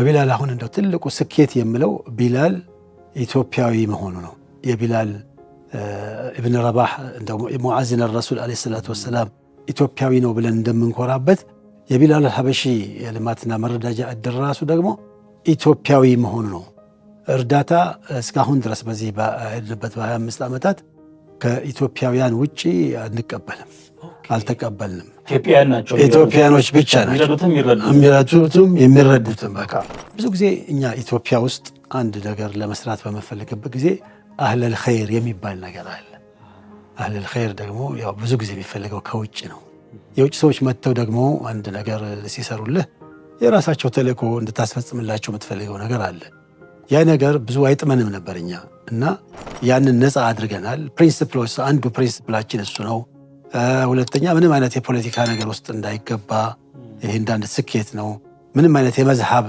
በቢላል አሁን እንደው ትልቁ ስኬት የምለው ቢላል ኢትዮጵያዊ መሆኑ ነው። የቢላል እብን ረባህ ሙዓዚን ረሱል ዓለይሂ ሰላቱ ወሰላም ኢትዮጵያዊ ነው ብለን እንደምንኮራበት የቢላል ሀበሺ የልማትና መረዳጃ ራሱ ደግሞ ኢትዮጵያዊ መሆኑ ነው። እርዳታ እስካሁን ድረስ በዚህ በሄድንበት በ25 ዓመታት ከኢትዮጵያውያን ውጭ አንቀበልም፣ አልተቀበልንም። ኢትዮጵያኖች ብቻ ናቸው የሚረዱትም የሚረዱትም። በቃ ብዙ ጊዜ እኛ ኢትዮጵያ ውስጥ አንድ ነገር ለመስራት በመፈለግበት ጊዜ አህለል ኸይር የሚባል ነገር አለ። አህለል ኸይር ደግሞ ያው ብዙ ጊዜ የሚፈልገው ከውጭ ነው። የውጭ ሰዎች መጥተው ደግሞ አንድ ነገር ሲሰሩልህ የራሳቸው ተልእኮ እንድታስፈጽምላቸው የምትፈልገው ነገር አለ። ያ ነገር ብዙ አይጥመንም ነበር እኛ እና ያንን ነፃ አድርገናል። ፕሪንስፕሎች አንዱ ፕሪንስፕላችን እሱ ነው። ሁለተኛ ምንም አይነት የፖለቲካ ነገር ውስጥ እንዳይገባ ይሄ እንዳንድ ስኬት ነው። ምንም አይነት የመዝሀብ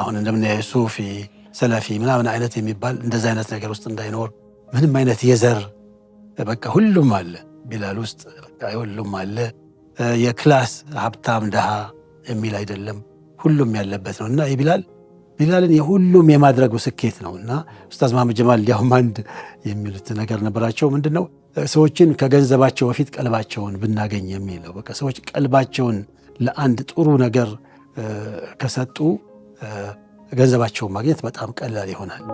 አሁን እንደምናየ ሱፊ፣ ሰለፊ ምናምን አይነት የሚባል እንደዚ አይነት ነገር ውስጥ እንዳይኖር ምንም አይነት የዘር በቃ ሁሉም አለ ቢላል ውስጥ ሁሉም አለ። የክላስ ሀብታም ድሃ የሚል አይደለም ሁሉም ያለበት ነው እና ይህ ቢላል ቢላልን የሁሉም የማድረጉ ስኬት ነው እና ኡስታዝ መሐመድ ጀማል ሊያውም አንድ የሚሉት ነገር ነበራቸው። ምንድን ነው ሰዎችን ከገንዘባቸው በፊት ቀልባቸውን ብናገኝ የሚለው በቃ ሰዎች ቀልባቸውን ለአንድ ጥሩ ነገር ከሰጡ ገንዘባቸውን ማግኘት በጣም ቀላል ይሆናል።